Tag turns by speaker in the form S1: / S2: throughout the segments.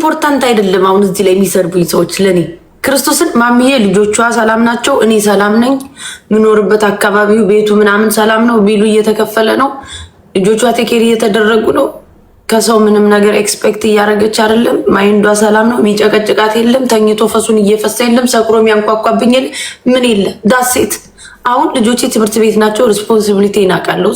S1: ኢምፖርታንት አይደለም። አሁን እዚህ ላይ የሚሰርቡኝ ሰዎች ለእኔ ክርስቶስን ማምዬ ልጆቿ ሰላም ናቸው፣ እኔ ሰላም ነኝ፣ የምኖርበት አካባቢው ቤቱ ምናምን ሰላም ነው፣ ቢሉ እየተከፈለ ነው፣ ልጆቿ ቴኬር እየተደረጉ ነው፣ ከሰው ምንም ነገር ኤክስፔክት እያደረገች አይደለም፣ ማይንዷ ሰላም ነው፣ የሚጨቀጭቃት የለም፣ ተኝቶ ፈሱን እየፈሳ የለም፣ ሰክሮ የሚያንኳኳብኝ ምን የለ ዳሴት አሁን ልጆቼ ትምህርት ቤት ናቸው። ሪስፖንሲቢሊቲ እናውቃለሁ።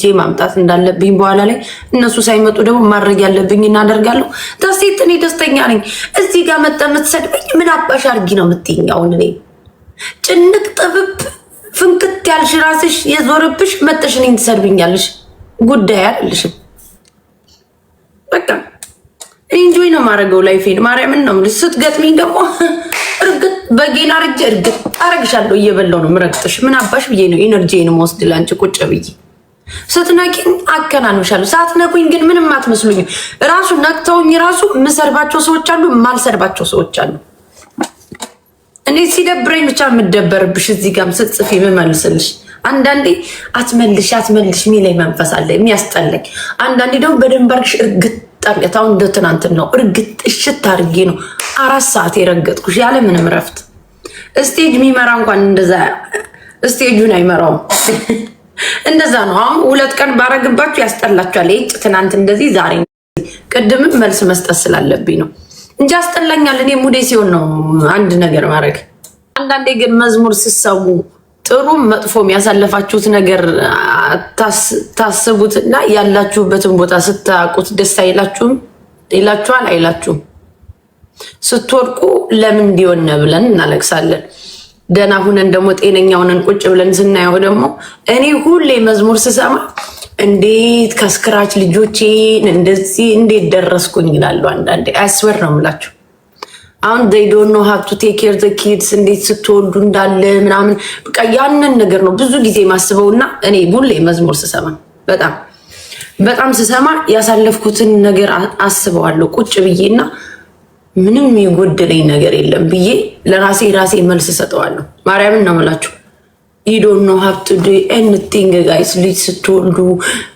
S1: ጄ ማምጣት እንዳለብኝ በኋላ ላይ እነሱ ሳይመጡ ደግሞ ማድረግ ያለብኝ እናደርጋለሁ። ታሴት እኔ ደስተኛ ነኝ። እዚህ ጋር መጠ የምትሰድበኝ ምን አባሽ አድርጊ ነው የምትይኝ? አሁን እኔ ጭንቅ ጥብብ ፍንክት ያልሽ ራስሽ የዞርብሽ መጠሽ እኔን ትሰድብኛለሽ። ጉዳይ አለሽም። በቃ እኔ እንጆይ ነው ማድረገው ላይፌን። ማርያምን ነው ስትገጥሚኝ ደግሞ እርግጥ በጌና ርጅ እርግጥ አረግሻለሁ። እየበላሁ ነው ምረግጥሽ። ምን አባሽ ብዬ ነው ኤነርጂዬን መወስድ ለአንቺ ቁጭ ብዬ ስትነቂኝ አከናንብሻለሁ። ሳትነቁኝ ግን ምንም አትመስሉኝ። ራሱ ነቅተውኝ ራሱ የምሰድባቸው ሰዎች አሉ፣ የማልሰድባቸው ሰዎች አሉ። እኔ ሲደብረኝ ብቻ የምደበርብሽ እዚህ ጋም ስጽፊ የምመልስልሽ። አንዳንዴ አትመልሽ አትመልሽ ሚለኝ መንፈስ አለ የሚያስጠላኝ። አንዳንዴ ደግሞ በደንብ አድርግሽ እርግጥ ጠርቀት አሁን እንደ ትናንትን ነው እርግጥ እሽት አድርጌ ነው አራት ሰዓት የረገጥኩሽ ያለ ምንም ረፍት። ስቴጅ የሚመራ እንኳን እንደዛ ስቴጁን አይመራውም። እንደዛ ነው። አሁን ሁለት ቀን ባረግባችሁ ያስጠላችኋል። ይጭ ትናንት እንደዚህ ዛሬ ቅድምም መልስ መስጠት ስላለብኝ ነው እንጂ አስጠላኛል። እኔ ሙዴ ሲሆን ነው አንድ ነገር ማድረግ። አንዳንዴ ግን መዝሙር ስሰሙ ጥሩም መጥፎም ያሳለፋችሁት ነገር ታስቡትና ያላችሁበትን ቦታ ስታውቁት ደስ አይላችሁም? ይላችኋል አይላችሁም? ስትወድቁ ለምን እንዲሆነ ብለን እናለቅሳለን። ደህና ሁነን ደግሞ ጤነኛ ሁነን ቁጭ ብለን ስናየው ደግሞ እኔ ሁሌ መዝሙር ስሰማ እንዴት ከስክራች ልጆቼን እንደዚህ እንዴት ደረስኩኝ ይላሉ አንዳንዴ። አያስበር ነው የምላችሁ አሁን ዴይ ዶንት ኖ ሃው ቱ ቴክ ኬር ዘ ኪድስ እንዴት ስትወልዱ እንዳለ ምናምን በቃ ያንን ነገር ነው ብዙ ጊዜ ማስበውና እኔ ሁሌ መዝሙር ስሰማ በጣም በጣም ስሰማ ያሳለፍኩትን ነገር አስበዋለሁ ቁጭ ብዬና ምንም የጎደለኝ ነገር የለም ብዬ ለራሴ ራሴ መልስ ሰጠዋለሁ። ማርያምን ነው የምላችሁ። ዶንት ኖ ሀብ ቱ ዱ ኤኒቲንግ ጋይስ ልጅ ስትወልዱ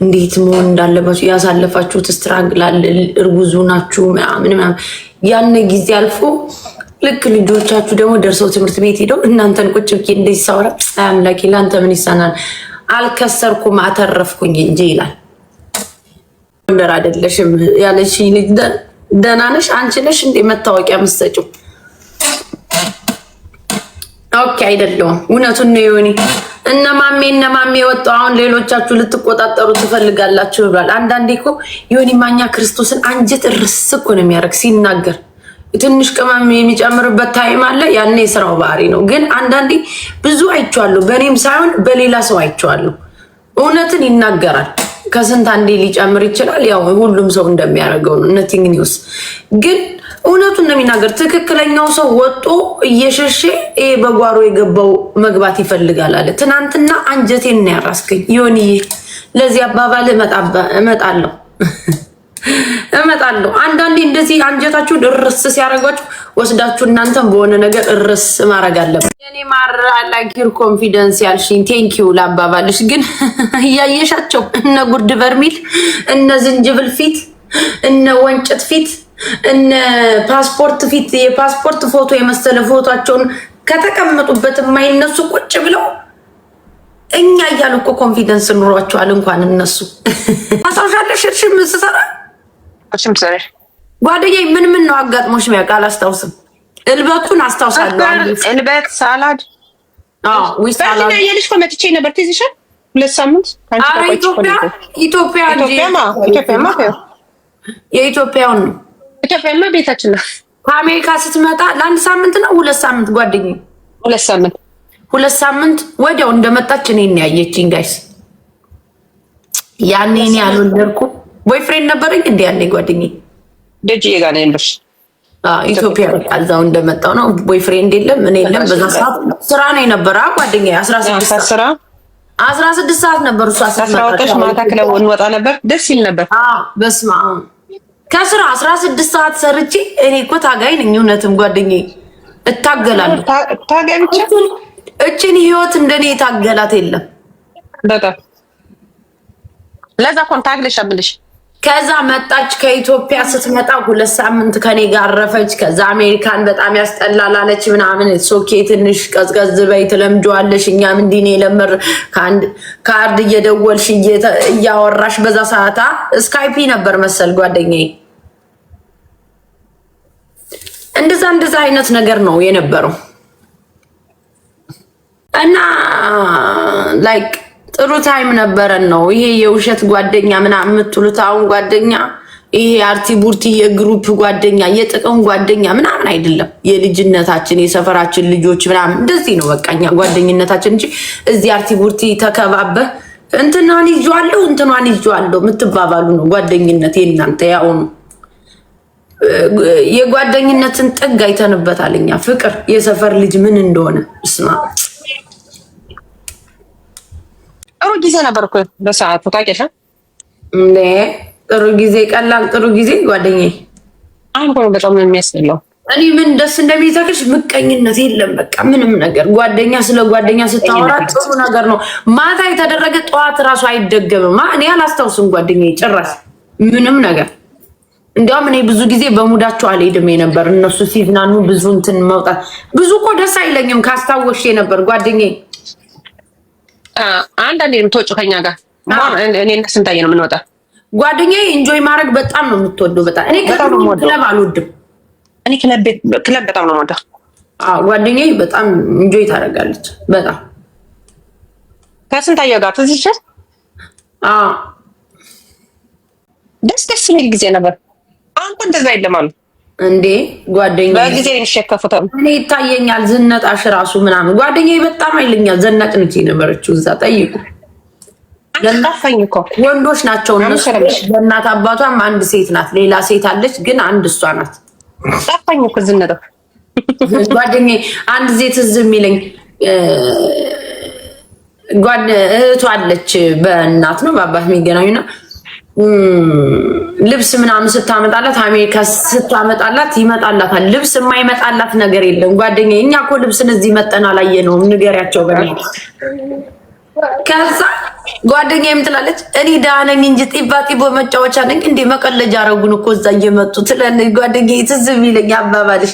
S1: እንዴት መሆን እንዳለባችሁ ያሳለፋችሁት ስትራግል አለ። እርጉዙ ናችሁ ምናምን ምናምን ያን ጊዜ አልፎ ልክ ልጆቻችሁ ደግሞ ደርሰው ትምህርት ቤት ሄደው እናንተን ቁጭ ብዬ እንደዚህ ሳወራ አምላኬ ለአንተ ምን ይሳናል? አልከሰርኩም አተረፍኩኝ እንጂ ይላል። ጎንደር አይደለሽም ያለሽ ልጅ ደህና ነሽ አንቺ ነሽ እንደ መታወቂያ የምትሰጪው ኦኬ አይደለውም። እውነቱን ነው የሆኒ እነ ማሜ እነ ማሜ የወጡ አሁን ሌሎቻችሁ ልትቆጣጠሩ ትፈልጋላችሁ ብሏል። አንዳንዴ እኮ የሆኒ ማኛ ክርስቶስን አንጀት እርስ እኮ ነው የሚያደርግ ሲናገር ትንሽ ቅመም የሚጨምርበት ታይም አለ። ያኔ የስራው ባህሪ ነው። ግን አንዳንዴ ብዙ አይቼዋለሁ፣ በእኔም ሳይሆን በሌላ ሰው አይቼዋለሁ። እውነትን ይናገራል። ከስንት አንዴ ሊጨምር ይችላል። ያው ሁሉም ሰው እንደሚያደርገው ነው። ነቲንግ ኒውስ ግን እውነቱ እንደሚናገር ትክክለኛው ሰው ወጦ እየሸሸ ይሄ በጓሮ የገባው መግባት ይፈልጋል አለ። ትናንትና አንጀቴን ነው ያራስከኝ። ዮኒዬ ለዚህ አባባል እመጣለሁ እመጣለሁ። አንዳንዴ እንደዚህ አንጀታችሁ እርስ ሲያደርጓችሁ ወስዳችሁ እናንተም በሆነ ነገር እርስ ማድረግ አለብን። የኔ ማር አላኪር ኮንፊደንስ ያልሽኝ ቴንኪዩ ለአባባልሽ። ግን እያየሻቸው እነ ጉርድ በርሚል እነ ዝንጅብል ፊት እነ ወንጭት ፊት እነ ፓስፖርት ፊት የፓስፖርት ፎቶ የመሰለ ፎቶቸውን ከተቀመጡበት የማይነሱ ቁጭ ብለው እኛ እያሉ እኮ ኮንፊደንስ ኑሯቸዋል። እንኳን እነሱ ማስታወሻለ ሽርሽር ምስሰራ ጓደኛ ምን ምን ነው አጋጥሞሽ ሚያውቅ? አላስታውስም። እልበቱን አስታውሳለሁ።
S2: እልበት ሳላድ የልጅ መጥቼ ነበር። ትዝ ይሻል ሁለት ሳምንት
S1: ኢትዮጵያ ኢትዮጵያ የኢትዮጵያውን ነው
S2: ኢትዮጵያማ ቤታችን ነው።
S1: ከአሜሪካ ስትመጣ ለአንድ ሳምንት ነው ሁለት ሳምንት ጓደኛዬ፣ ሁለት ሳምንት ሁለት ሳምንት ወዲያው እንደመጣች እኔን ያየችኝ። ጋይስ ያኔ እኔ አልወለድኩም። ቦይፍሬንድ ነበረኝ እንዲ ያኔ ጓደኛዬ
S2: ደጅ ጋር ነው ያለሽ።
S1: ኢትዮጵያ እዛው እንደመጣው ነው። ቦይፍሬንድ የለም እኔ የለም። በዛ ሰዓት ስራ ነው የነበረ ጓደኛዬ። አስራ ስድስት ስራ አስራ ስድስት ሰዓት ነበር እሷ
S2: ስትመጣ ማታ ክለብ እንወጣ ነበር። ደስ ይል ነበር።
S1: በስመ አብ ከስራ አስራ ስድስት ሰዓት ሰርቼ እኔ እኮ ታጋይ ነኝ። እውነትም ጓደኛዬ እታገላለሁ። እችን ህይወት እንደኔ የታገላት የለም።
S2: በጣም ለዛ ኮን ታግለሻ ብልሽ
S1: ከዛ መጣች። ከኢትዮጵያ ስትመጣ ሁለት ሳምንት ከኔ ጋር ረፈች። ከዛ አሜሪካን በጣም ያስጠላላለች ምናምን ሶኬ ትንሽ ቀዝቀዝ በይ ትለምጂዋለሽ። እኛም እንዲህ ነው የለመር ከአርድ እየደወልሽ እያወራሽ በዛ ሰዓታ ስካይፒ ነበር መሰል ጓደኛዬ። እንደዛ እንደዛ አይነት ነገር ነው የነበረው እና ላይክ ጥሩ ታይም ነበረን ነው ይሄ የውሸት ጓደኛ ምናምን የምትሉት አሁን ጓደኛ ይሄ አርቲ ቡርቲ የግሩፕ ጓደኛ የጥቅም ጓደኛ ምናምን አይደለም። የልጅነታችን የሰፈራችን ልጆች ምናምን እንደዚህ ነው በቃኛ ጓደኝነታችን እንጂ እዚህ አርቲ ቡርቲ ተከባበህ እንትናን ይዤዋለሁ እንትኗን ይዤዋለሁ የምትባባሉ ነው ጓደኝነት የእናንተ ያውኑ የጓደኝነትን ጥግ አይተንበታል እኛ ፍቅር የሰፈር ልጅ ምን እንደሆነ እስማ
S2: ጥሩ ጊዜ ነበር እኮ በሰዓቱ ታውቂያለሽ።
S1: ጥሩ ጊዜ ቀላል ጥሩ ጊዜ ጓደኛዬ።
S2: አሁን እኮ ነው በጣም የሚያስጠላው።
S1: እኔ ምን ደስ እንደሚዛክሽ ምቀኝነት የለም። በቃ ምንም ነገር ጓደኛ ስለ ጓደኛ ስታወራ ጥሩ ነገር ነው። ማታ የተደረገ ጠዋት እራሱ አይደገምም። እኔ አላስታውስም ጓደኛዬ ጭራሽ ምንም ነገር። እንዲያውም እኔ ብዙ ጊዜ በሙዳቸው አልሄድም የነበር እነሱ ሲዝናኑ ብዙ እንትን መውጣት ብዙ እኮ ደስ አይለኝም። ካስታወሽ የነበር ጓደኛዬ
S2: አንዳንዴ የምትወጪው ከኛ ጋር እኔ እና ስንታየ ነው የምንወጣ።
S1: ጓደኛዬ ኢንጆይ ማድረግ በጣም ነው የምትወደው። በጣም እኔ ክለብ አልወድም።
S2: እኔ ክለብ ክለብ በጣም ነው የምወደው።
S1: ጓደኛዬ በጣም ኢንጆይ ታደርጋለች። በጣም
S2: ከስንታየ ጋር ትዝ ይችል ደስ ደስ የሚል ጊዜ ነበር። አሁን እኮ እንደዛ የለም አሉ
S1: እንዴ ጓደኛ በጊዜ
S2: የሚሸከፉታል።
S1: እኔ ይታየኛል ዝነጣሽ ራሱ ምናምን ጓደኛ በጣም አይለኛል ዘናጭ ነች የነበረችው። እዛ ጠይቁ
S2: ወንዶች ናቸው እነሱ። በእናት አባቷም አንድ ሴት ናት፣ ሌላ ሴት አለች፣ ግን አንድ እሷ ናት። ጠፋኝ እኮ ዝነጣ
S1: ጓደኛ አንድ ዜ ትዝ የሚለኝ እህቷ አለች፣ በእናት ነው በአባት የሚገናኙ ነው ልብስ ምናምን ስታመጣላት አሜሪካ ስታመጣላት ይመጣላታል። ልብስ የማይመጣላት ነገር የለም። ጓደኛ እኛ እኮ ልብስን እዚህ መጠን አላየነውም፣ ንገሪያቸው በሚ ከዛ ጓደኛ የምትላለች እኔ ዳነኝ እንጂ ጢባ ጢቦ መጫወቻ ነኝ እንዴ መቀለጃ አረጉን እኮ እዛ እየመጡ ትለን ጓደኛ ትዝ የሚለኝ አባባልሽ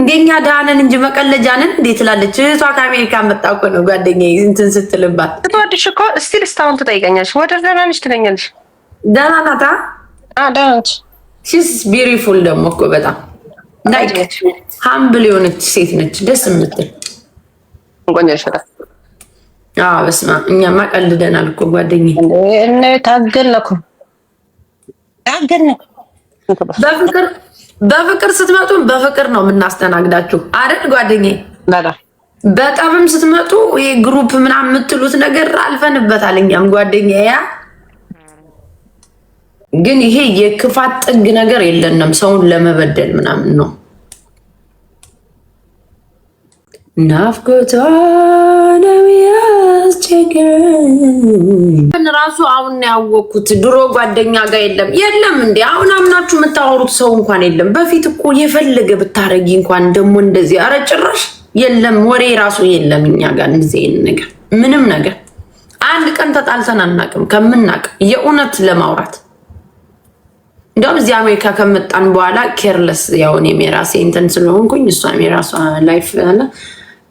S1: እንደኛ ደህና ነን እንጂ መቀለጃ ነን እንዴ ትላለች። እህቷ ከአሜሪካ መጣ እኮ ነው ጓደኛ እንትን ስትልባት።
S2: ትወድሽ እኮ ስቲል እስካሁን ትጠይቀኛለሽ። ወደ ዘናንሽ ትለኛለሽ ደህና ናታ። ደህና ነች።
S1: ሺስ ቢዩቲፉል ደግሞ እኮ በጣም ሀምብል የሆነች ሴት ነች። ደስ የምትል ቆንጆ። በስመ አብ እኛማ ቀልደናል እኮ ጓደኛዬ። ታገልን እኮ በፍቅር በፍቅር ስትመጡ በፍቅር ነው የምናስተናግዳችሁ አይደል ጓደኛዬ? በጠብም ስትመጡ ይሄ ግሩፕ ምናምን የምትሉት ነገር አልፈንበታል እኛም ጓደኛዬ ግን ይሄ የክፋት ጥግ ነገር የለንም። ሰውን ለመበደል ምናምን ነው። ናፍቆቷ ነው ያስቸገረኝ። ራሱ አሁን ያወቅኩት ድሮ ጓደኛ ጋር የለም የለም እንዴ አሁን አምናችሁ የምታወሩት ሰው እንኳን የለም። በፊት እኮ የፈለገ ብታረጊ እንኳን ደግሞ እንደዚህ አረ ጭራሽ የለም ወሬ ራሱ የለም እኛ ጋር እንደዚህ ነገር ምንም ነገር አንድ ቀን ተጣልተን አናቅም ከምናቅ የእውነት ለማውራት እንዲሁም እዚህ አሜሪካ ከመጣን በኋላ ኬርለስ ያው እኔም የራሴ እንትን ስለሆንኩኝ እሷም የራሷ ላይፍ አለ፣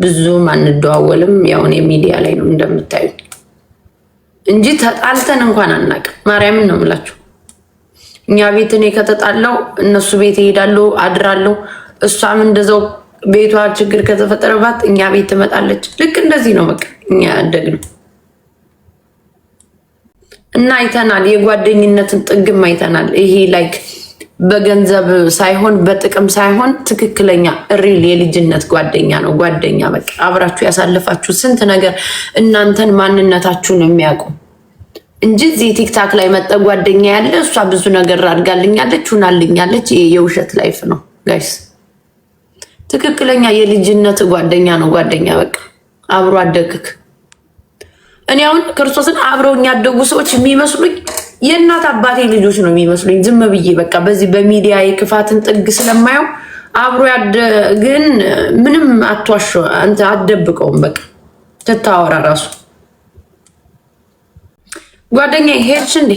S1: ብዙም አንደዋወልም። ያው እኔ ሚዲያ ላይ ነው እንደምታዩ እንጂ ተጣልተን እንኳን አናውቅም። ማርያምን ነው የምላችሁ። እኛ ቤት እኔ ከተጣለው እነሱ ቤት እሄዳለሁ አድራለሁ። እሷም እንደዛው ቤቷ ችግር ከተፈጠረባት እኛ ቤት ትመጣለች። ልክ እንደዚህ ነው በቃ እኛ ያደግነው። እና አይተናል። የጓደኝነትን ጥግም አይተናል። ይሄ ላይክ በገንዘብ ሳይሆን በጥቅም ሳይሆን ትክክለኛ ሪል የልጅነት ጓደኛ ነው። ጓደኛ በቃ አብራችሁ ያሳለፋችሁ ስንት ነገር እናንተን ማንነታችሁን የሚያውቁ እንጂ እዚህ ቲክታክ ላይ መጠ ጓደኛ ያለ እሷ ብዙ ነገር አድርጋልኛለች ሁናልኛለች፣ ይሄ የውሸት ላይፍ ነው ጋይስ። ትክክለኛ የልጅነት ጓደኛ ነው ጓደኛ በቃ አብሮ አደግክ እኔ አሁን ክርስቶስን አብረውኝ ያደጉ ሰዎች የሚመስሉኝ የእናት አባቴ ልጆች ነው የሚመስሉኝ። ዝም ብዬ በቃ በዚህ በሚዲያ የክፋትን ጥግ ስለማየው አብሮ ያደግን ምንም አንተ አትደብቀውም። በቃ ትታወራ ራሱ ጓደኛ ሄድሽ እንዴ?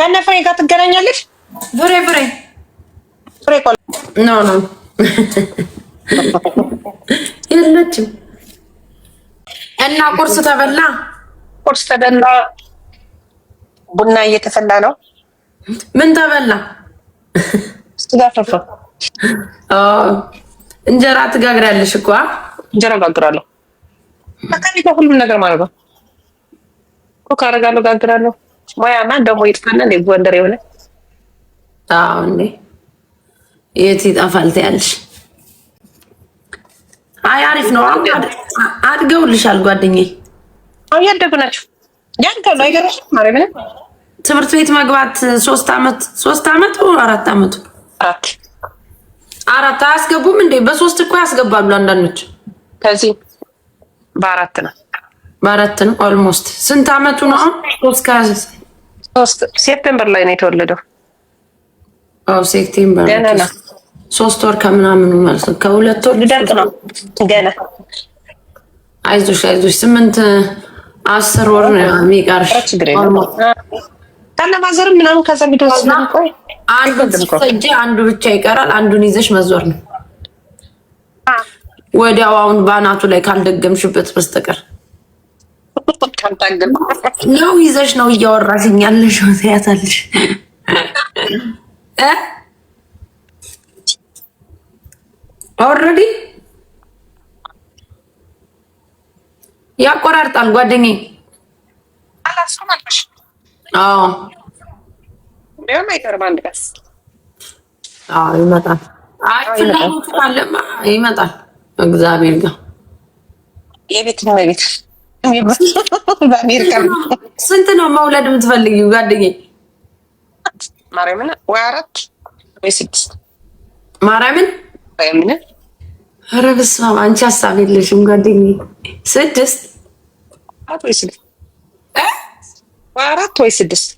S2: ከእነ ፍሬ ጋር ትገናኛለሽ? ፍሬ ፍሬ ፍሬ
S1: ኖ ኖ የለችም እና ቁርስ ተበላ፣
S2: ቁርስ ተበላ፣ ቡና እየተፈላ ነው። ምን ተበላ? ስጋ ፍርፍር።
S1: እንጀራ ትጋግሪያለሽ እኮ?
S2: እንጀራ ጋግራለሁ። በቃ እኔ ሁሉም ነገር ማለት ነው። ኮክ አደርጋለሁ፣ ጋግራለሁ። ሙያማ ደግሞ ይጥፋና ጎንደር የሆነ
S1: አሁን እንዴ የት ይጠፋል ትያለሽ? አይ አሪፍ ነው። አሁን አድገውልሻል ጓደኛዬ።
S2: አሁን ያደጉ ናቸው። ያን ከሉ አይገርምሽም? ማርያምን
S1: ትምህርት ቤት መግባት ሶስት አመት ሶስት አመት አራት አመቱ አራት አራት አያስገቡም እንዴ? በሶስት እኮ ያስገባሉ አንዳንዶች።
S2: ከዚህ በአራት ነው
S1: በአራት ነው። ኦልሞስት ስንት አመቱ ነው? ሶስት ከያዘ
S2: ሶስት ሴፕቴምበር ላይ ነው የተወለደው። ሴፕቴምበር ገና ነው
S1: ሶስት ወር ከምናምኑ ማለት ነው። ከሁለት ወር
S2: ሊደርቅ ነው ገና።
S1: አይዞሽ አይዞሽ፣ ስምንት አስር ወር ነው የሚቀርሽ።
S2: ከነማዘርም ምናምን ከዛ ሚደስናቆይአንዱ
S1: አንዱ ብቻ ይቀራል። አንዱን ይዘሽ መዞር ነው ወዲያው፣ አሁን በአናቱ ላይ ካልደገምሽበት በስተቀር ነው ይዘሽ ነው እያወራሽኛለሽ ያታለሽ ኦልሬዲ ያቆራርጣል ጓደኛዬ። ይመጣል። አይ ነው ስንት ነው መውለድ የምትፈልጊው ጓደኛዬ?
S2: ማርያምን ወይ አራት ወይ ስድስት ማርያምን ምን
S1: ኧረ በስመ አብ አንቺ ሀሳብ የለሽም ጓደኛዬ። ስድስት
S2: አራት ወይ ስድስት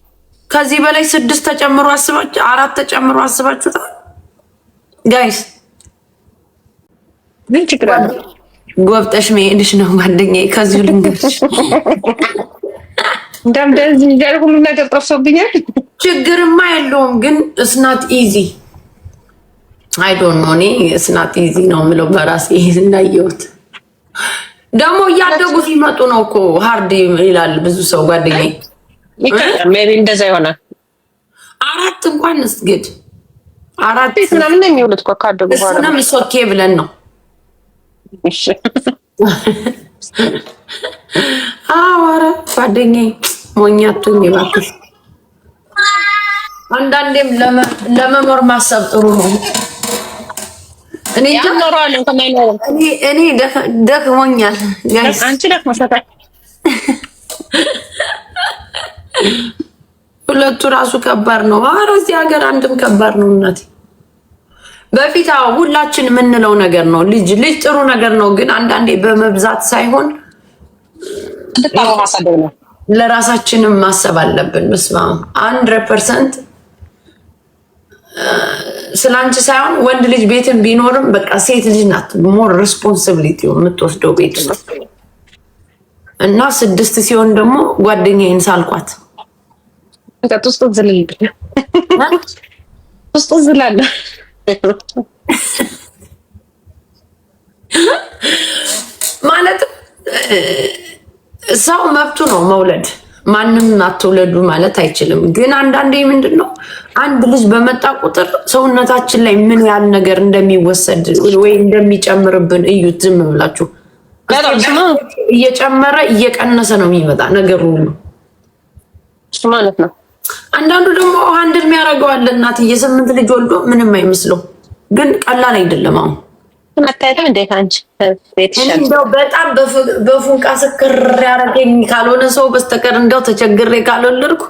S1: ከዚህ በላይ ስድስት ተጨምሮ አስባችሁ አራት ተጨምሮ አስባችሁታ ጋይስ? ምን ችግር አለ? ጎብጠሽ መሄድሽ ነው ጓደኛዬ። ከዚሁ ልንገርሽ
S2: እንደምደዚህ ሁሉ ነገር ጠፍሶብኛል።
S1: ችግርማ የለውም ግን እስናት ኢዚ አይ ዶንት ኖ እኔ ስናት ኢዚ ነው የምለው በራሴ እንዳየሁት። ደግሞ እያደጉ ሲመጡ ነው እኮ ሀርድ ይላል ብዙ ሰው ጓደኛዬ።
S2: ሜይ ቢ እንደዛ ይሆናል።
S1: አራት እንኳን እስግድ አራት
S2: ምናምን የሚውሉት እኮ ካደጉ በኋላ እሱንም
S1: ሶኬ ብለን ነው። አዎ ኧረ ጓደኛዬ ሞኛቱኝ እባክሽ። አንዳንዴም ለመኖር ማሰብ ጥሩ ነው።
S2: እኔ ኖረዋለን ከማይኖርም
S1: እኔ ደክሞኛል። አንቺ ደክሞሻታል። ሁለቱ ራሱ ከባድ ነው። ኧረ እዚህ ሀገር አንድም ከባድ ነው። እናት በፊት ሁላችን የምንለው ነገር ነው። ልጅ ልጅ ጥሩ ነገር ነው፣ ግን አንዳንዴ በመብዛት ሳይሆን ለራሳችንም ማሰብ አለብን። ምስማ አንድረድ ፐርሰንት ስላንቺ ሳይሆን ወንድ ልጅ ቤትን ቢኖርም በቃ ሴት ልጅ ናት ሞር ሬስፖንሲቢሊቲ የምትወስደው ቤት ነው። እና ስድስት ሲሆን ደግሞ ጓደኛዬን ሳልኳት
S2: ሶስት ዝላለ
S1: ማለት ሰው መብቱ ነው መውለድ ማንም አትውለዱ ማለት አይችልም። ግን አንዳንዴ ምንድን ነው አንድ ልጅ በመጣ ቁጥር ሰውነታችን ላይ ምን ያህል ነገር እንደሚወሰድ ወይ እንደሚጨምርብን እዩት። ዝም ብላችሁ እየጨመረ እየቀነሰ ነው የሚመጣ ነገር ሁሉ ማለት ነው። አንዳንዱ ደግሞ አንድ እድሜ ያደርገዋል እናት የስምንት ልጅ ወልዶ ምንም አይመስለው፣ ግን ቀላል አይደለም አሁን
S2: መታየትም እንዴት አንቺ
S1: እንደው በጣም በፉንቃ ስክር ያደረገኝ ካልሆነ ሰው በስተቀር እንደው ተቸግሬ ካልወለድኩ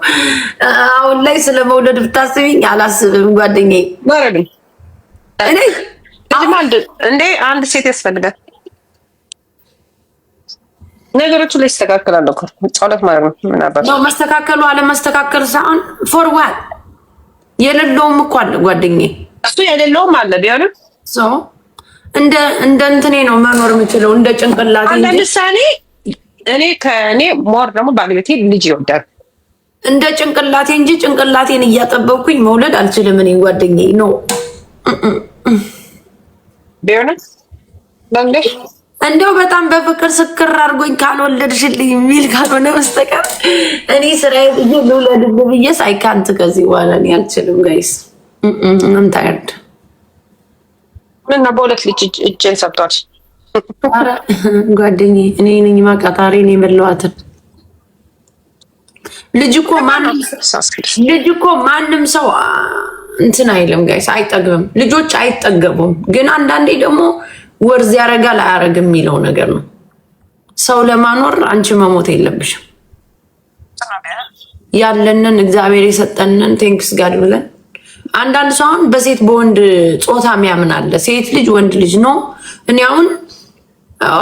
S1: አሁን ላይ ስለ መውለድ ብታስቢኝ አላስብም። ጓደኛ እኔ
S2: እንዴ አንድ ሴት ያስፈልጋል። ነገሮቹ ላይ ይስተካከላል እኮ ጸሎት ማለት ነው። ምን
S1: አባት ነው መስተካከሉ አለመስተካከል ሳይሆን ፎርዋል የሌለውም እኮ አለ ጓደኛዬ፣
S2: እሱ የሌለውም አለ ቢሆንም
S1: እንደ እንደ እንትኔ ነው መኖር የምችለው እንደ ጭንቅላት እንጂ
S2: ለምሳሌ እኔ ከእኔ ሞር ደግሞ ባለቤቴ ልጅ ይወዳል
S1: እንደ ጭንቅላቴ እንጂ ጭንቅላቴን እያጠበብኩኝ መውለድ አልችልም። እኔ ጓደኛዬ ነው እንደው በጣም በፍቅር ስክር አድርጎኝ ካልወለድሽልኝ የሚል ካልሆነ በስተቀር እኔ ስራዬ ብዬ ልውለድ ብዬ ሳይካንት ከዚህ በኋላ እኔ አልችልም ጋይስ።
S2: ምን በሁለት ልጅ እጄን ሰጥቷል።
S1: ጓደኝ እኔ ነኝ ማቃጣሪ ነኝ የበለዋትን ልጅ እኮ ልጅ እኮ ማንም ሰው እንትን አይልም ጋይስ፣ አይጠግብም። ልጆች አይጠገቡም። ግን አንዳንዴ ደግሞ ወርዝ ያደርጋል አያደርግም የሚለው ነገር ነው። ሰው ለማኖር አንቺ መሞት የለብሽም። ያለንን እግዚአብሔር የሰጠንን ቴንክስ ጋር ብለን አንዳንድ ሰው አሁን በሴት በወንድ ጾታ የሚያምን አለ። ሴት ልጅ ወንድ ልጅ ነው። እኔ አሁን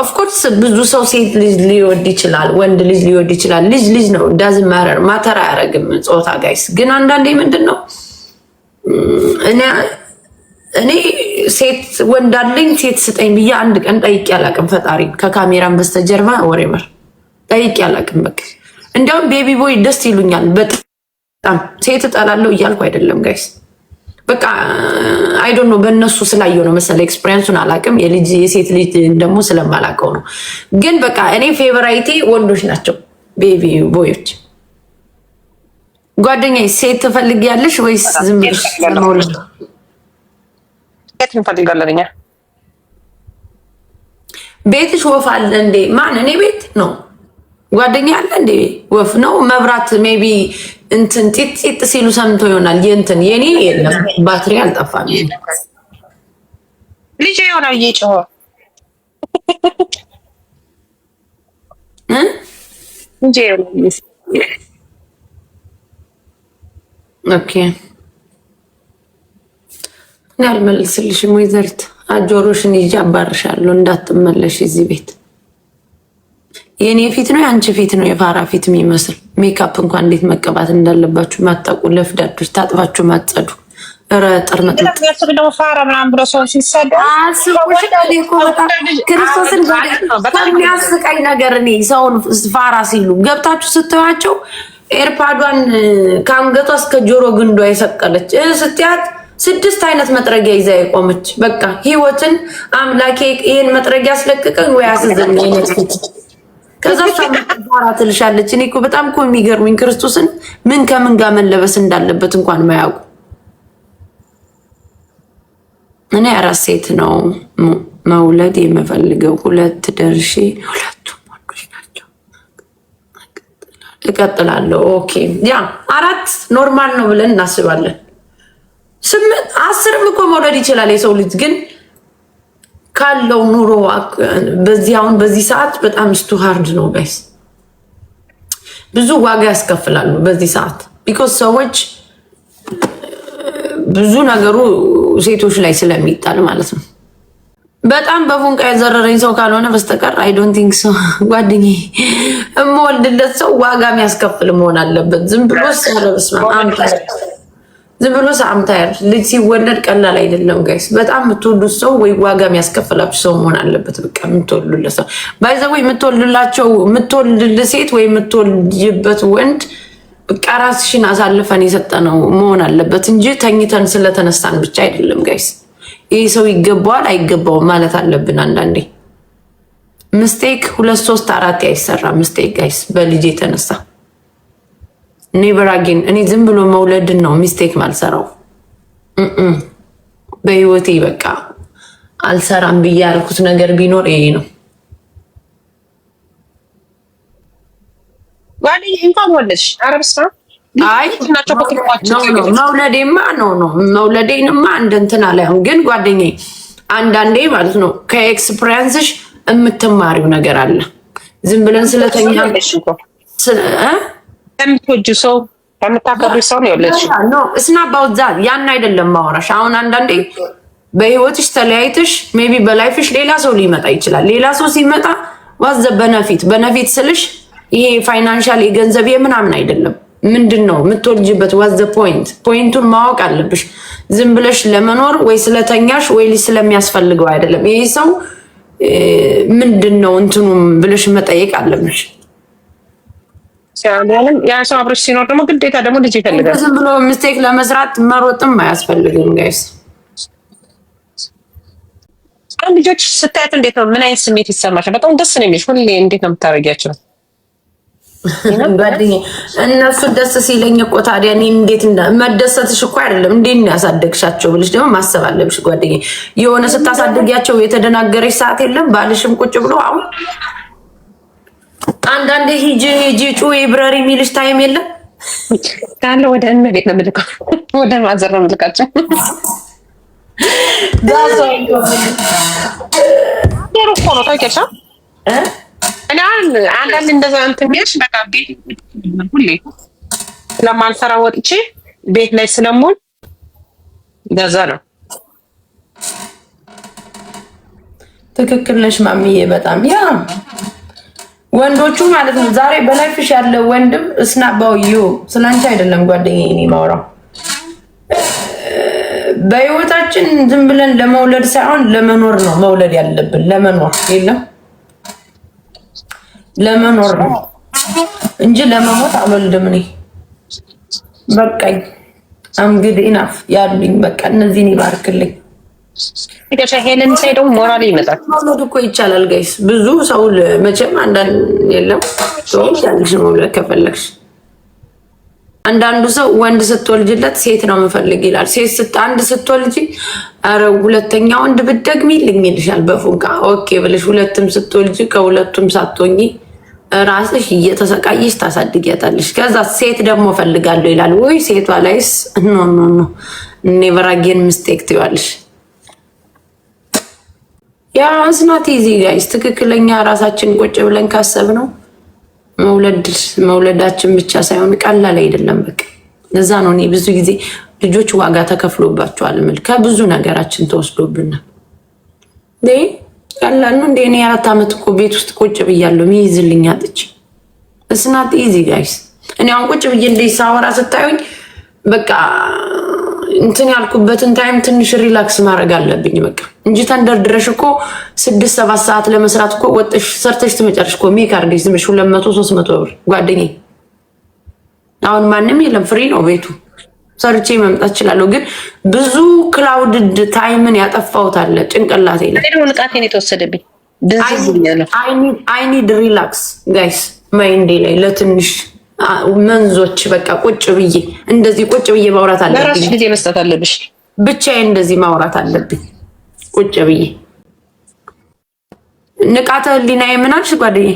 S1: ኦፍኮርስ ብዙ ሰው ሴት ልጅ ሊወድ ይችላል፣ ወንድ ልጅ ሊወድ ይችላል። ልጅ ልጅ ነው። ዳዝ ማረር ማተር አያደርግም ጾታ። ጋይስ ግን አንዳንዴ ምንድን ነው እኔ ሴት ወንድ አለኝ ሴት ስጠኝ ብዬ አንድ ቀን ጠይቄ አላቅም። ፈጣሪ ከካሜራን በስተጀርባ ወሬበር ጠይቄ አላቅም። በቃ እንዲያውም ቤቢ ቦይ ደስ ይሉኛል በጣም ሴት እጠላለሁ እያልኩ አይደለም ጋይስ በቃ አይዶን ነው በእነሱ ስላየው ነው መሰለ ኤክስፔሪንሱን አላውቅም። የልጅ የሴት ልጅ ደግሞ ስለማላውቀው ነው። ግን በቃ እኔ ፌቨራይቴ ወንዶች ናቸው፣ ቤቢ ቦዮች። ጓደኛ ሴት ትፈልጊያለሽ ወይስ ዝም ብለሽ
S2: ቤት እንፈልጋለን እኛ?
S1: ቤትሽ ወፍ አለ እንዴ? ማን እኔ ቤት ነው ጓደኛ አለ እንዴ? ወፍ ነው መብራት ሜይ ቢ እንትን ጢጥ ሲሉ ሰምቶ ይሆናል። የእንትን የኔ የለም ባትሪ አልጠፋም።
S2: ልጅ የሆነው እየጮኸ
S1: ኦኬ እንዳልመልስልሽም ወይዘሪት አጆሮሽን ይዤ አባርሻለሁ እንዳትመለሽ እዚህ ቤት የእኔ ፊት ነው የአንቺ ፊት ነው የፋራ ፊት የሚመስል ሜካፕ እንኳን እንዴት መቀባት እንዳለባችሁ ማታውቁ፣ ለፍዳዶች ታጥባችሁ ማጸዱ ክርስቶስን ነገር እኔ ሰውን ፋራ ሲሉ ገብታችሁ ስትዋቸው ኤርፓዷን ከአንገቷ እስከ ጆሮ ግንዷ የሰቀለች ስትያት ስድስት አይነት መጥረጊያ ይዛ የቆመች በቃ ህይወትን አምላኬ ይህን መጥረጊያ አስለቅቀኝ ወይ አስዘኝ አይነት ፊት ከዛ ዛራ ትልሻለች። እኔ እኮ በጣም እኮ የሚገርሙኝ ክርስቶስን ምን ከምን ጋር መለበስ እንዳለበት እንኳን ማያውቁ እኔ አራት ሴት ነው መውለድ የምፈልገው። ሁለት ደርሼ ሁለቱም ወንዶች ናቸው። እቀጥላለሁ። ኦኬ ያ አራት ኖርማል ነው ብለን እናስባለን። ስምንት አስርም እኮ መውለድ ይችላል የሰው ልጅ ግን ካለው ኑሮ በዚህ አሁን በዚህ ሰዓት በጣም ስቱ ሃርድ ነው ጋይስ። ብዙ ዋጋ ያስከፍላሉ በዚህ ሰዓት ቢኮዝ ሰዎች ብዙ ነገሩ ሴቶች ላይ ስለሚጣል ማለት ነው። በጣም በፉንቃ የዘረረኝ ሰው ካልሆነ በስተቀር አይ ዶንት ቲንክ ሶ ጓደኛዬ፣ እምወልድለት ሰው ዋጋ የሚያስከፍል መሆን አለበት። ዝም ብሎ ስለ በስመ ዝም ብሎ ሳምታየር ልጅ ሲወለድ ቀላል አይደለም ጋይስ። በጣም የምትወዱት ሰው ወይ ዋጋ የሚያስከፍላችሁ ሰው መሆን አለበት። በቃ የምትወልዱለት ሰው ባይዘ ወይ የምትወልድላቸው የምትወልድል ሴት ወይ የምትወልድበት ወንድ በቃ ራስሽን አሳልፈን የሰጠነው መሆን አለበት እንጂ ተኝተን ስለተነሳን ብቻ አይደለም ጋይስ። ይህ ሰው ይገባዋል አይገባውም ማለት አለብን። አንዳንዴ ምስቴክ ሁለት ሶስት አራት አይሰራ ምስቴክ ጋይስ በልጅ የተነሳ ኔቨር አጌን። እኔ ዝም ብሎ መውለድን ነው ሚስቴክ ማልሰራው በህይወቴ በቃ አልሰራም ብዬ ያልኩት ነገር ቢኖር ይሄ ነው።
S2: እንኳን ወለድሽ አረብስ
S1: መውለዴማ ነው ነው መውለዴንማ እንደ እንትን ግን ጓደኛ አንዳንዴ ማለት ነው ከኤክስፕሪንስሽ የምትማሪው ነገር አለ ዝም ብለን ስለተኛ
S2: ከምትወጂው ሰው ሰው ነው
S1: የወለድሽው። ባውዛ ያን አይደለም ማውራሽ። አሁን አንዳንዴ በህይወትሽ ተለያይተሽ ሜቢ በላይፍሽ ሌላ ሰው ሊመጣ ይችላል። ሌላ ሰው ሲመጣ ዋዘ በነፊት በነፊት ስልሽ ይሄ ፋይናንሻል የገንዘብ የምናምን አይደለም። ምንድን ነው የምትወልጅበት ዋዘ ፖይንት ፖይንቱን ማወቅ አለብሽ። ዝም ብለሽ ለመኖር ወይ ስለተኛሽ ወይ ስለሚያስፈልገው አይደለም። ይሄ ሰው ምንድን ነው እንትኑም ብለሽ መጠየቅ አለብሽ።
S2: ሲያሆንም ያ ሰው አብረሽ ሲኖር ደግሞ ግዴታ ደግሞ ልጅ ይፈልጋል።
S1: ዝም ብሎ ሚስቴክ ለመስራት መሮጥም አያስፈልግም ጋይስ።
S2: ልጆች ስታያት እንዴት ነው? ምን አይነት ስሜት ይሰማሻል? በጣም ደስ ነው የሚልሽ። ሁሌ እንዴት ነው የምታደርጊያቸው?
S1: እነሱ ደስ ሲለኝ እኮ ታዲያ እኔ እንዴት መደሰትሽ እኮ አይደለም። እንዴት ነው ያሳደግሻቸው ብልሽ ደግሞ ማሰብ አለብሽ ጓደኛዬ። የሆነ ስታሳድጊያቸው የተደናገረች ሰዓት የለም። ባልሽም ቁጭ ብሎ አሁን አንዳንዴ ሂጂ ሂጂ ጩይ ብረሪ የሚልሽ ታይም የለም
S2: ካለ ወደ እነ ቤት ነው የምልከው፣ ወደ ማዘር ነው የምልካቸው። ሩ እኮ ነው ታውቂያለሽ። እኔ አሁን አንዳንድ እንደዛ እንትን ቢያሽ በቃ ቤት ሁሌ ስለማልሰራ ወጥቼ ቤት ላይ ስለምሆን
S1: እንደዛ ነው። ትክክል ነሽ ማሚዬ፣ በጣም ያ ወንዶቹ ማለት ነው። ዛሬ በላይፍሽ ያለ ወንድም እስናባው ዩ ስላንቺ አይደለም ጓደኛዬ፣ እኔ ማውራው በህይወታችን ዝም ብለን ለመውለድ ሳይሆን ለመኖር ነው መውለድ ያለብን። ለመኖር የለም ለመኖር ነው እንጂ ለመሞት አልወልድም እኔ። በቃኝ አምግድ ኢናፍ ያሉኝ በቃ እነዚህን ይባርክልኝ።
S2: ይሄንን ሳይ ደግሞ ሞራል ይመጣል።
S1: መውለድ እኮ ይቻላል ጋይስ። ብዙ ሰው መቼም አንዳንድ የለም መውለድ ከፈለግሽ። አንዳንዱ ሰው ወንድ ስትወልጅለት ሴት ነው የምፈልግ ይላል። ሴት አንድ ሁለተኛ ወንድ ብትደግሚልኝ ይልሻል በፉንቃ ኦኬ ብለሽ ሁለትም ከሁለቱም ሳትሆኚ ራስሽ እየተሰቃየሽ ታሳድጊያታለሽ። ከዛ ሴት ደግሞ ፈልጋለሁ ይላል። ወይ ሴቷ ላይስ ኖ ኖ ኖ ኔቨር አጌን ሚስቴክ ትይዋለሽ ያ እስናት ዚ ጋይስ ትክክለኛ ራሳችን ቁጭ ብለን ካሰብ ነው መውለድ መውለዳችን ብቻ ሳይሆን ቀላል አይደለም። በቃ እዛ ነው እኔ ብዙ ጊዜ ልጆች ዋጋ ተከፍሎባቸዋል ምል ከብዙ ነገራችን ተወስዶብናል። ቀላል ነው እንደ እኔ አራት ዓመት እኮ ቤት ውስጥ ቁጭ ብያለሁ ሚይዝልኝ አጥቼ። እስናት ዚ ጋይስ እኔ አሁን ቁጭ ብዬ እንደ ሳወራ ስታዩኝ በቃ እንትን ያልኩበትን ታይም ትንሽ ሪላክስ ማድረግ አለብኝ በቃ እንጂ ተንደርድረሽ እኮ ስድስት ሰባት ሰዓት ለመስራት እኮ ወጥሽ ሰርተሽ ትመጫለሽ እኮ ሜካርድ ዝም ብለሽ ሁለት መቶ ሶስት መቶ ብር ጓደኛዬ፣ አሁን ማንም የለም ፍሪ ነው ቤቱ ሰርቼ መምጣት እችላለሁ። ግን ብዙ ክላውድድ ታይምን ያጠፋሁት አለ ጭንቅላቴ ንቃቴን የተወሰደብኝ አይኒድ ሪላክስ ጋይስ ማይንዴ ላይ ለትንሽ መንዞች በቃ ቁጭ ብዬ እንደዚህ ቁጭ ብዬ ማውራት አለብኝ።
S2: ለራስሽ ጊዜ መስጠት አለብሽ።
S1: ብቻዬ እንደዚህ ማውራት አለብኝ ቁጭ ብዬ። ንቃተ ህሊናዬ የምናልሽ አልሽ ጓደዬ?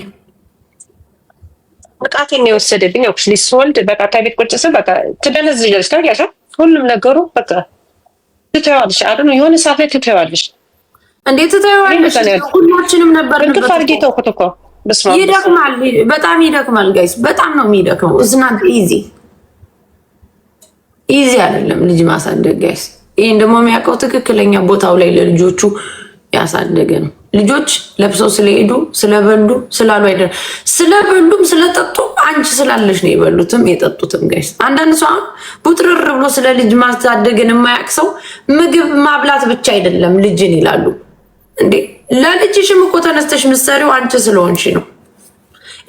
S2: ብቃቴን የወሰደብኝ ያው ሊስወልድ በቃ ከቤት ቁጭ ስል በቃ ትደነዝዣለሽ። ታውቂያለሽ፣ ሁሉም ነገሩ በቃ ትተዋለሽ። አሉ የሆነ ሰዓት ላይ ትተዋለሽ።
S1: እንዴት ትተዋለሽ? ሁላችንም ነበር
S2: ግፍ አድርጌ ተውኩት እኮ
S1: ይደክማል። በጣም ይደክማል ጋይስ፣ በጣም ነው የሚደክመው። እዝና ኢዚ ኢዚ አይደለም ልጅ ማሳደግ ጋይስ። ይህን ደግሞ የሚያውቀው ትክክለኛ ቦታው ላይ ለልጆቹ ያሳደገ ነው። ልጆች ለብሰው ስለሄዱ ስለበሉ ስላሉ አይደለም፣ ስለበሉም ስለጠጡ አንቺ ስላለሽ ነው የበሉትም የጠጡትም ጋይስ። አንዳንድ ሰው አሁን ቡጥርር ብሎ ስለ ልጅ ማሳደግን የማያውቅ ሰው ምግብ ማብላት ብቻ አይደለም ልጅን ይላሉ እንዴ ለልጅሽም እኮ ተነስተሽ ምሰሪው አንቺ ስለሆንሽ ነው።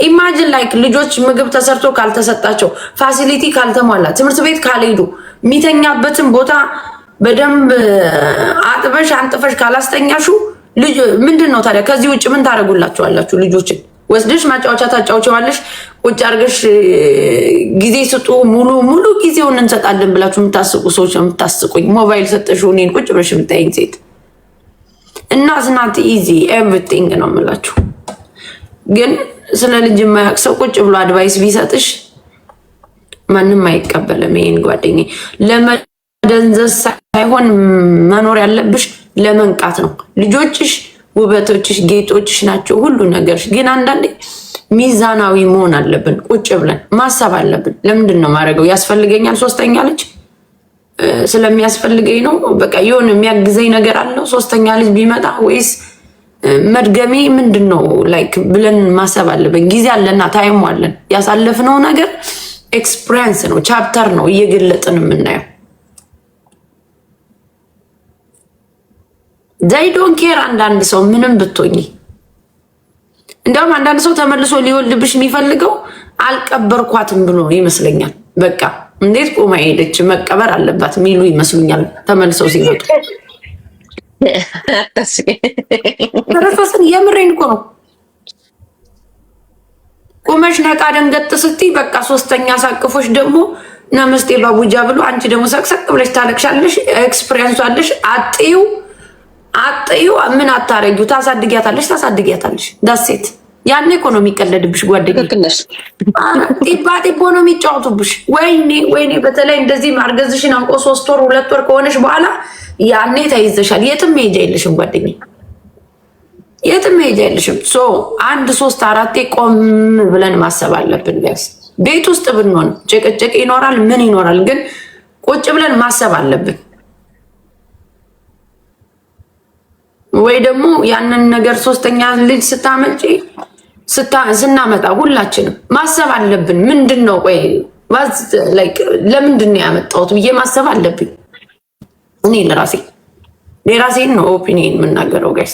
S1: ኢማጅን ላይክ ልጆች ምግብ ተሰርቶ ካልተሰጣቸው፣ ፋሲሊቲ ካልተሟላ፣ ትምህርት ቤት ካልሄዱ፣ የሚተኛበትን ቦታ በደንብ አጥበሽ አንጥፈሽ ካላስተኛሹ ምንድን ነው ታዲያ? ከዚህ ውጭ ምን ታደርጉላቸዋላችሁ? ልጆችን ወስደሽ ማጫወቻ ታጫውቸዋለሽ። ቁጭ አርገሽ ጊዜ ስጡ፣ ሙሉ ሙሉ ጊዜውን እንሰጣለን ብላችሁ የምታስቁ ሰዎች የምታስቁኝ፣ ሞባይል ሰጠሽ እኔን ቁጭ ብለሽ የምታይኝ ሴት እና ዝናት ኢዚ ኤቭሪቲንግ ነው የምላችሁ። ግን ስለ ልጅ የማያውቅ ሰው ቁጭ ብሎ አድቫይስ ቢሰጥሽ ማንም አይቀበልም። ይሄን ጓደኛ ለመደንዘዝ ሳይሆን መኖር ያለብሽ ለመንቃት ነው። ልጆችሽ ውበቶችሽ፣ ጌጦችሽ ናቸው ሁሉ ነገርሽ። ግን አንዳንዴ ሚዛናዊ መሆን አለብን። ቁጭ ብለን ማሰብ አለብን። ለምንድን ነው ማድረገው? ያስፈልገኛል ሶስተኛ ልጅ ስለሚያስፈልገኝ ነው። በቃ የሆነ የሚያግዘኝ ነገር አለው። ሶስተኛ ልጅ ቢመጣ ወይስ መድገሜ ምንድን ነው ላይክ ብለን ማሰብ አለብን። ጊዜ አለና ታይም አለን። ያሳለፍነው ነገር ኤክስፕሪንስ ነው፣ ቻፕተር ነው እየገለጥን የምናየው። ዘይ ዶን ኬር አንዳንድ ሰው ምንም ብትሆኝ። እንዲያውም አንዳንድ ሰው ተመልሶ ሊወልብሽ የሚፈልገው አልቀበርኳትም ብሎ ይመስለኛል በቃ እንዴት ቆማ ሄደች? መቀበር አለባት ሚሉ ይመስሉኛል ተመልሰው ሲመጡ። ረፈስን የምሬን እኮ ነው። ቁመሽ ነቃ ደንገጥ ስትይ በቃ ሶስተኛ ሳቅፎች ደግሞ ነመስጤ ባቡጃ ብሎ አንቺ ደግሞ ሰቅሰቅ ብለሽ ታለቅሻለሽ። ኤክስፕሪንሱ አለሽ። አጥዩ አጥዩ ምን አታረጊው። ታሳድጊያታለሽ ታሳድጊያታለሽ ዳሴት ያኔ እኮ ነው የሚቀለድብሽ። ጓደኛሽ ጢባ ጢቦ ነው የሚጫወቱብሽ። ወይኔ ወይኔ! በተለይ እንደዚህ ማርገዝሽን አውቆ ሶስት ወር ሁለት ወር ከሆነሽ በኋላ ያኔ ተይዘሻል። የትም መሄጃ የለሽም ጓደኛ፣ የትም መሄጃ የለሽም። ሶ አንድ ሶስት አራቴ ቆም ብለን ማሰብ አለብን። ቢያንስ ቤት ውስጥ ብንሆን ጭቅጭቅ ይኖራል፣ ምን ይኖራል፣ ግን ቁጭ ብለን ማሰብ አለብን። ወይ ደግሞ ያንን ነገር ሶስተኛ ልጅ ስታመጪ ስናመጣ ሁላችንም ማሰብ አለብን። ምንድን ነው ቆይ ለምንድን ነው ያመጣሁት ብዬ ማሰብ አለብኝ። እኔ ለራሴ የራሴን ነው ኦፒኒየን የምናገረው ጋይስ።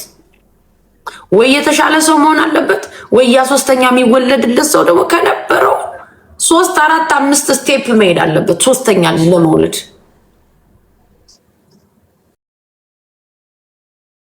S1: ወይ የተሻለ ሰው መሆን አለበት ወይ ያ ሶስተኛ የሚወለድለት ሰው ደግሞ ከነበረው ሶስት አራት አምስት ስቴፕ መሄድ አለበት ሶስተኛ ለመውለድ